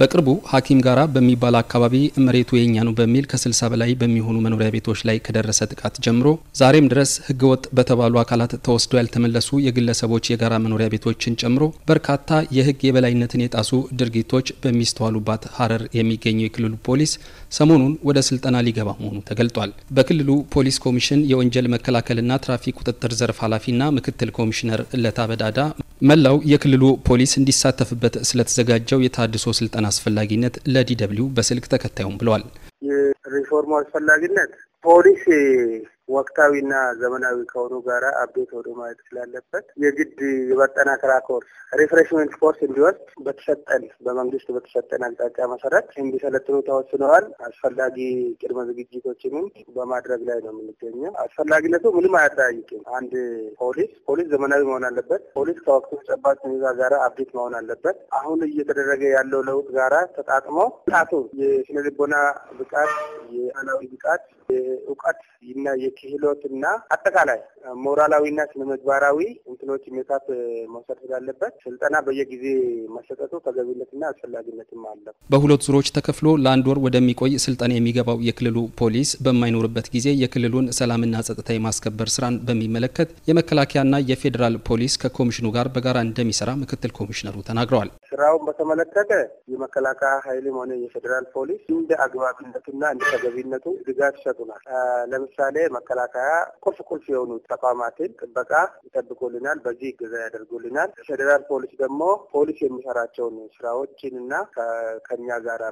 በቅርቡ ሀኪም ጋራ በሚባል አካባቢ መሬቱ የኛ ነው በሚል ከ60 በላይ በሚሆኑ መኖሪያ ቤቶች ላይ ከደረሰ ጥቃት ጀምሮ ዛሬም ድረስ ህገወጥ በተባሉ አካላት ተወስዶ ያልተመለሱ የግለሰቦች የጋራ መኖሪያ ቤቶችን ጨምሮ በርካታ የህግ የበላይነትን የጣሱ ድርጊቶች በሚስተዋሉባት ሀረር የሚገኘው የክልሉ ፖሊስ ሰሞኑን ወደ ስልጠና ሊገባ መሆኑ ተገልጧል። በክልሉ ፖሊስ ኮሚሽን የወንጀል መከላከልና ትራፊክ ቁጥጥር ዘርፍ ኃላፊና ምክትል ኮሚሽነር ለታ በዳዳ መላው የክልሉ ፖሊስ እንዲሳተፍበት ስለተዘጋጀው የታድሶ ስልጠና አስፈላጊነት ለዲደብሊው በስልክ ተከታዩም ብለዋል። የሪፎርሙ አስፈላጊነት ፖሊስ ወቅታዊና ዘመናዊ ከሆኑ ጋራ አብዴት ወደ ማየት ስላለበት የግድ የማጠናከራ ኮርስ ሪፍሬሽመንት ኮርስ እንዲወስድ በተሰጠን በመንግስት በተሰጠን አቅጣጫ መሰረት እንዲሰለጥኑ ተወስነዋል። አስፈላጊ ቅድመ ዝግጅቶችንም በማድረግ ላይ ነው የምንገኘው። አስፈላጊነቱ ምንም አያጠያይቅም። አንድ ፖሊስ ፖሊስ ዘመናዊ መሆን አለበት። ፖሊስ ከወቅቱ ተጨባጭ ሁኔታ ጋራ አብዴት መሆን አለበት። አሁን እየተደረገ ያለው ለውጥ ጋራ ተጣጥሞ ጣቱ የስነ ልቦና ብቃት፣ የአላዊ ብቃት የእውቀት እና የክህሎት እና አጠቃላይ ሞራላዊና ምግባራዊ እንትኖች ሜካፕ መውሰድ ስላለበት ስልጠና በየጊዜ መሰጠቱ ተገቢነትና አስፈላጊነትም አለው። በሁለት ዙሮች ተከፍሎ ለአንድ ወር ወደሚቆይ ስልጠና የሚገባው የክልሉ ፖሊስ በማይኖርበት ጊዜ የክልሉን ሰላምና ጸጥታ የማስከበር ስራን በሚመለከት የመከላከያና የፌዴራል ፖሊስ ከኮሚሽኑ ጋር በጋራ እንደሚሰራ ምክትል ኮሚሽነሩ ተናግረዋል። ስራውን በተመለከተ የመከላከያ ኃይልም ሆነ የፌዴራል ፖሊስ እንደ አግባብነቱና እንደ ተገቢነቱ ድጋፍ ይሰጡናል። ለምሳሌ መከላከያ ቁልፍ ቁልፍ የሆኑ ተቋማትን ጥበቃ ይጠብቁልናል። በዚህ እገዛ ያደርጉልናል። ፌዴራል ፖሊስ ደግሞ ፖሊስ የሚሰራቸውን ስራዎችንና ከኛ ጋራ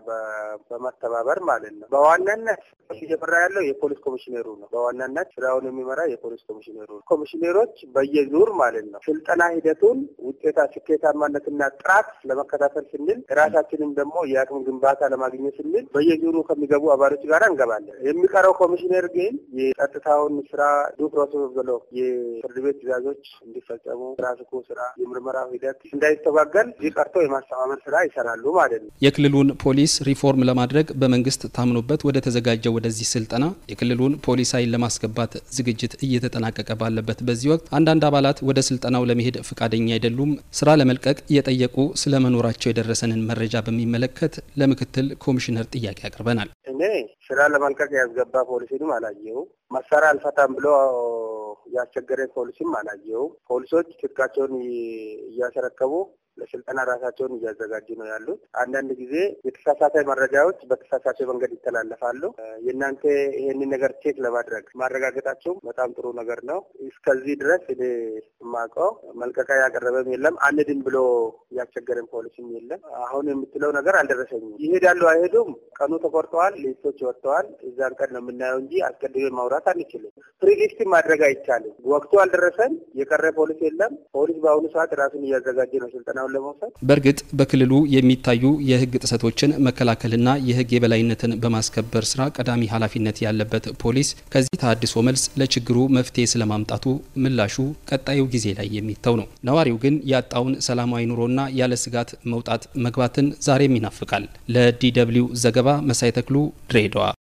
በማተባበር ማለት ነው። በዋናነት እየመራ ያለው የፖሊስ ኮሚሽነሩ ነው። በዋናነት ስራውን የሚመራ የፖሊስ ኮሚሽነሩ ነው። ኮሚሽነሮች በየዙር ማለት ነው ስልጠና ሂደቱን ውጤታ ስኬታማነትና ጥራት ለመከታተል ስንል ራሳችንም ደግሞ የአቅም ግንባታ ለማግኘት ስንል በየዙሩ ከሚገቡ አባሎች ጋር እንገባለን። የሚቀረው ኮሚሽነር ግን የጸጥታውን ስራ ዱ ፕሮሰስ ብሎ የፍርድ ቤት ትዕዛዞች እንዲፈጸሙ ራስኮ ስራ፣ የምርመራው ሂደት እንዳይስተጓገል ቀርቶ የማስተማመን ስራ ይሰራሉ ማለት ነው። የክልሉን ፖሊስ ሪፎርም ለማድረግ በመንግስት ታምኖበት ወደ ተዘጋጀው ወደዚህ ስልጠና የክልሉን ፖሊስ ኃይል ለማስገባት ዝግጅት እየተጠናቀቀ ባለበት በዚህ ወቅት አንዳንድ አባላት ወደ ስልጠናው ለመሄድ ፈቃደኛ አይደሉም። ስራ ለመልቀቅ እየጠየቁ ስለ ስለመኖራቸው የደረሰንን መረጃ በሚመለከት ለምክትል ኮሚሽነር ጥያቄ አቅርበናል። እኔ ስራ ለመልቀቅ ያስገባ ፖሊሲንም አላየው መሳሪያ አልፈታም ብሎ ያስቸገረ ፖሊሲም አላየው ፖሊሶች ትጥቃቸውን እያስረከቡ ለስልጠና ራሳቸውን እያዘጋጁ ነው ያሉት። አንዳንድ ጊዜ የተሳሳተ መረጃዎች በተሳሳተ መንገድ ይተላለፋሉ። የእናንተ ይሄንን ነገር ቼክ ለማድረግ ማረጋገጣቸውም በጣም ጥሩ ነገር ነው። እስከዚህ ድረስ እኔ የማውቀው መልቀቂያ ያቀረበም የለም፣ አንድን ብሎ ያስቸገረን ፖሊስም የለም። አሁን የምትለው ነገር አልደረሰኝም። ይሄዳሉ አይሄዱም፣ ቀኑ ተቆርጠዋል፣ ሊስቶች ወጥተዋል። እዛን ቀን ነው የምናየው እንጂ አስቀድሜ ማውራት አንችልም። ፕሪዲክት ማድረግ አይቻልም። ወቅቱ አልደረሰን፣ የቀረ ፖሊስ የለም። ፖሊስ በአሁኑ ሰዓት ራሱን እያዘጋጀ ነው ስልጠና እርምጃውን ለመውሰድ። በእርግጥ በክልሉ የሚታዩ የህግ ጥሰቶችን መከላከልና የህግ የበላይነትን በማስከበር ስራ ቀዳሚ ኃላፊነት ያለበት ፖሊስ ከዚህ ተሃድሶ መልስ ለችግሩ መፍትሄ ስለማምጣቱ ምላሹ ቀጣዩ ጊዜ ላይ የሚተው ነው። ነዋሪው ግን ያጣውን ሰላማዊ ኑሮና ያለ ስጋት መውጣት መግባትን ዛሬም ይናፍቃል። ለዲ ደብልዩ ዘገባ መሳይ ተክሉ ድሬዳዋ